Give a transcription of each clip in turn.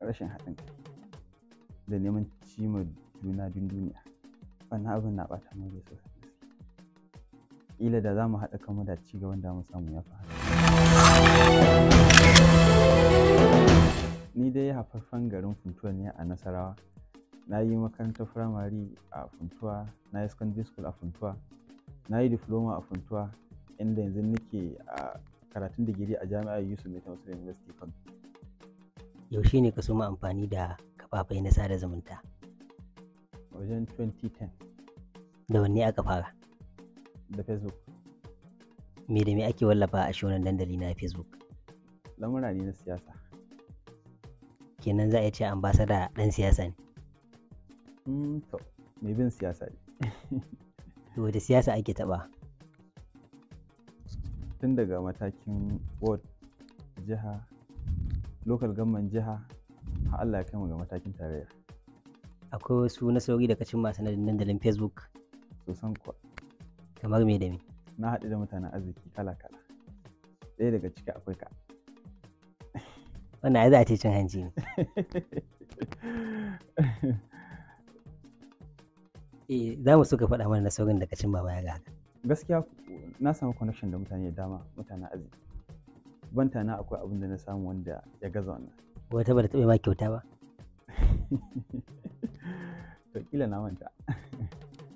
rashin haɗin kai da neman cimma juna din duniya wannan abin na ɓata mu da sosai ƙila da za mu haɗa kanmu da ci gaban da mu samu ya faru ni dai haifaffen garin funtuwa ne a nasarawa na yi makarantar firamare a funtuwa na yi secondary school a funtuwa na yi diploma a funtuwa inda yanzu nake a karatun digiri a jami'ar yusuf mai university kano yaushe ne ka soma amfani da kafafai na sada zumunta wajen 2010 da wanne aka fara da facebook me da me ake wallafa a shonan dandali na facebook lamura ne na siyasa kenan za a ce ambasada dan siyasa ne mm, to mai bin siyasa ne to da siyasa ake taba tun daga matakin ward jiha lokal gamman jiha har Allah ya kai mu ga matakin tarayya akwai wasu nasarori da kacin masu na dandalin facebook san kuwa kamar me da me na haɗu da mutanen arziki kala kala ɗaya daga ciki akwai ka wannan ai za a ce cin hanci ne eh za mu suka faɗa mana saurin da kacin baba ya ga gaskiya na samu connection da mutane da dama mutanen arziki banta na akwai abin da na samu wanda ya gaza wannan wata ba da taɓa ma kyauta ba to kila na manta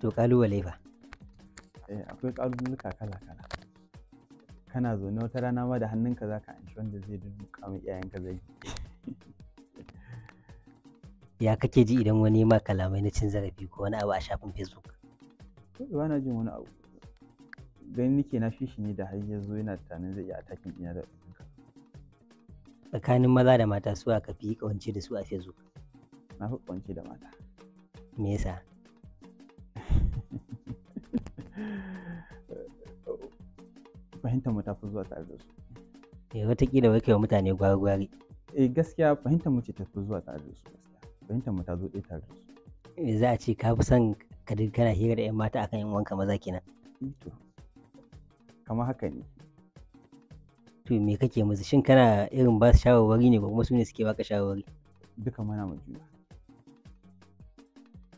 to kalubale fa eh akwai kalubuluka kala kala kana zaune wata rana ma da hannunka zaka anshi wanda zai duka mai iyayenka zai ya kake ji idan wani ma kalamai na cin zarafi ko wani abu a shafin facebook ba na jin wani abu gani nake na shi ne da har yanzu yana tunanin zai iya attacking ina da tsakanin maza da mata su aka fi kawance da su a facebook na fi kawance da mata me yasa fahimtar mu ta fi zuwa tare da su eh watakila wai kai mutane gwagwari gwari eh gaskiya fahimtar mu ce ta fi zuwa tare da su fahimtar mu ta zo ɗaya tare da su eh, za a ce ka fi son ka kana hira da 'yan mata akan 'yan wanka maza kenan eh, kamar haka ne to me kake musu shin kana irin ba su shawarwari ne ko kuma su ne suke baka shawarwari duka muna mu juna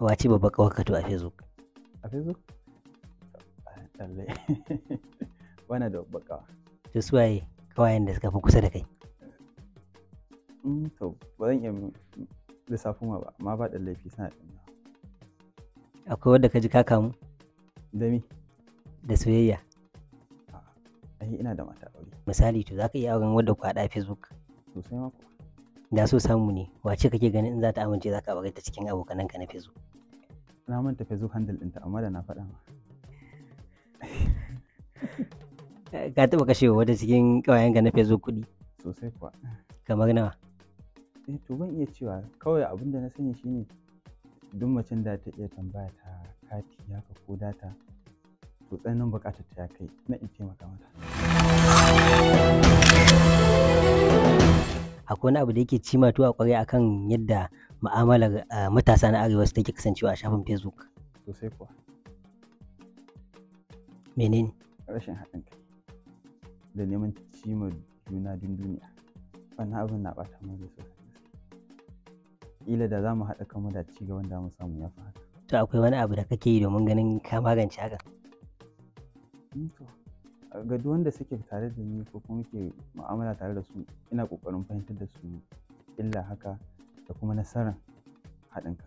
wace babba kawar ka to a facebook a facebook lalle bana da babba kawa to su waye kawayen da suka fi kusa da kai mm, to ba zan iya lissafin ba amma ba da laifi suna ɗin akwai wadda ka ji ka kamu da mi da soyayya ina da mata misali to za ka iya auren wadda ku a facebook sosai ma da so samu ne wace kake ganin in za ta amince za ka bari ta cikin abokanan ka na facebook na manta facebook handle ɗinta amma da na faɗa ma ka taɓa kashe wata cikin ƙawayen ka na facebook kuɗi sosai kuwa kamar nawa eh to ban iya cewa kawai abin da na sani shine duk macen da ta iya tambaya ta kati haka ko data to tsananin buƙatar ta ya kai na in taimaka mata akwai wani abu da yake cima tuwa kwarai akan yadda mu'amalar matasa na arewa su take kasancewa a shafin facebook sosai kuwa menene rashin haɗin kai da neman cima juna din duniya wannan abin na ɓata mu da Ila da za mu haɗa kanmu da ci gaban da mu samu ya fi haka to akwai wani abu da kake yi domin ganin ka magance hakan ga duk wanda suke tare da ni ko kuma ke mu'amala tare da su ina ƙoƙarin fahimtar da su illa haka da kuma nasarar haɗin ka.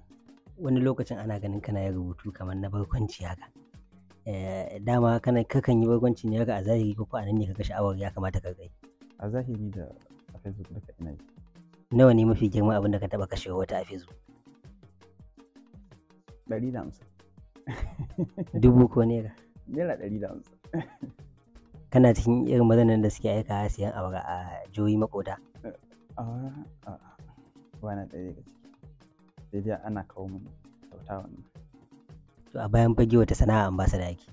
wani lokacin ana ganin kana yin rubutu kamar na barkwanci haka eh, dama kana kakan yi barkwanci ne haka a zahiri ko a nan ne kaga sha'awar ya kamata ka kai a zahiri da a facebook duka ina yi nawa ne mafi girma abin da ka taba kashewa wata a facebook ɗari da hamsin dubu ko naira naira ɗari da hamsin kana cikin irin mazanan da suke aika siyan awara ah, a jihohi makoda ba na ɗaya daga ciki sai dai ana kawo mun kyauta wannan to a bayan fage wata sana'a an ba su da yake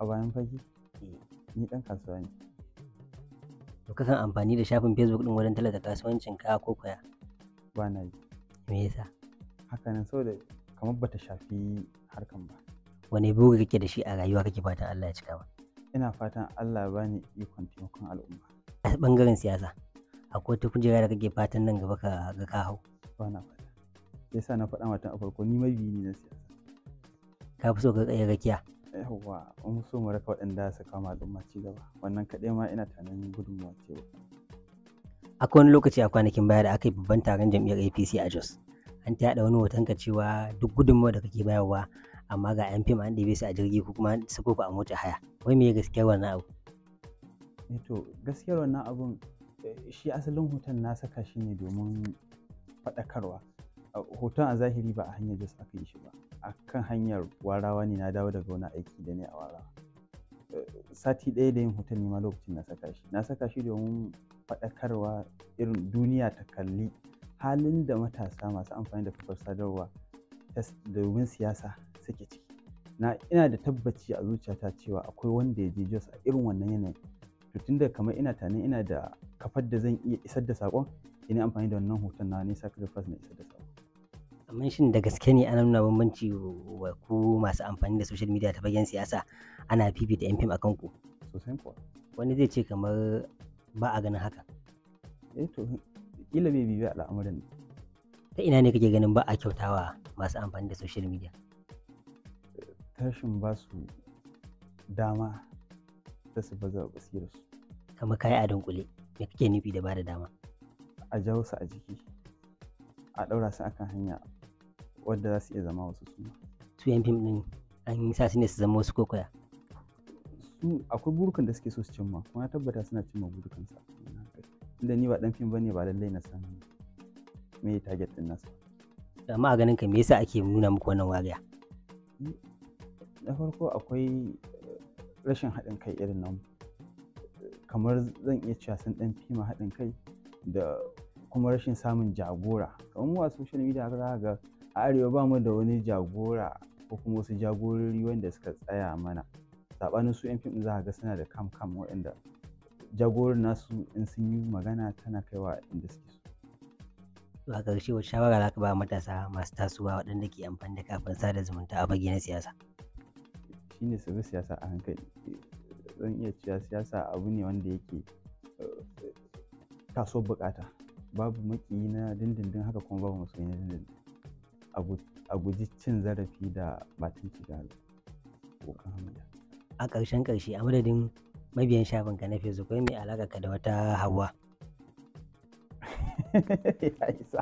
a bayan fage eh. ni dan kasuwa ne to kasan amfani da shafin facebook din wajen talata kasuwancin ka ko koya ba na yi me yasa haka nan saboda kamar bata shafi harkan ba wani bugu kake da shi a rayuwa kake fatan Allah ya cika ba ina fatan Allah ba bani ikon taimakon al'umma bangaren siyasa akwai wata kujera da kake fatan nan gaba ga ka hau ba na fata sa na faɗa mata a farko ni mai biyu ne na siyasa ka fi so ka tsaye rakiya yawwa an so mu raka waɗanda su kama al'umma ci gaba wannan kaɗai ma ina tunanin gudunmuwa ce akwai wani lokaci a kwanakin baya da aka yi babban taron jam'iyyar apc a jos an ta yaɗa wani hoton ka cewa duk gudunmuwa da kake bayarwa amma ga yan fim an ɗebe su a jirgi ko kuma sako ku a mota haya wai me gaskiyar wannan abu eh to gaskiyar wannan abun eh, shi asalin hoton na saka shi ne domin faɗakarwa ah, hoton a zahiri ba a hanyar jas aka yi shi ba a kan hanyar warawa ne na dawo daga wani aiki da ne a warawa eh, sati ɗaya da yin hoton ne ma lokacin na saka shi na saka shi domin faɗakarwa irin duniya ta kalli halin da matasa masu amfani da kafar sadarwa domin siyasa suke ciki na ina da tabbaci a zuciyata cewa akwai wanda ya je Jos a irin wannan yanayin to tunda kamar ina tani ina da kafar da zan iya isar da saƙon ina amfani da wannan hoton na ne sacrifice na isar da saƙon amma shin da gaske ne ana nuna bambanci wa ku masu amfani da social media ta fagen siyasa ana fifita yan fim akan ku sosai kuwa wani zai ce kamar ba a ganin haka eh to bai al'amuran ne ta ina ne kake ganin ba a kyautawa masu amfani da social media tashin ba su dama da su baza su kamar kayi a dunkule me kake nufi da ba da dama a jawo su a jiki a ɗaura su akan hanya wadda za su iya zama wasu suna su yan fim ɗin an yi sa su ne su zama wasu kokoya su akwai burukan da suke so su cimma kuma tabbata suna cimma burukansa inda ni ba ɗan fim ba ne, ba lallai na sanin me target din nasa amma a ganin ka me yasa ake nuna muku wannan wariya na farko akwai eh, rashin haɗin kai irin nan kamar zan iya cewa sun ɗan fima haɗin kai da kuma rashin samun jagora kamar mu a social media za ga a arewa ba mu da wani jagora ko kuma wasu jagorori wanda suka tsaya mana saɓanin su 'yan fim za ga suna da kam kam waɗanda jagorin nasu in sun yi magana tana kaiwa inda To a ƙarshe wata shawara za ka ba matasa masu tasowa waɗanda ke amfani da kafin sada zumunta a fage na siyasa? Shi ne su siyasa a hankali. Zan iya cewa siyasa abu ne wanda yake eh, taso bukata. Babu maƙiyi na dindindin haka kuma babu masoyi na dindindin. A guji cin zarafi da batunci da A ƙarshen ƙarshe a madadin mabiyan shafinka na Facebook, mai alaƙa ka da wata hawa. 嘿嘿嘿，呵，意思。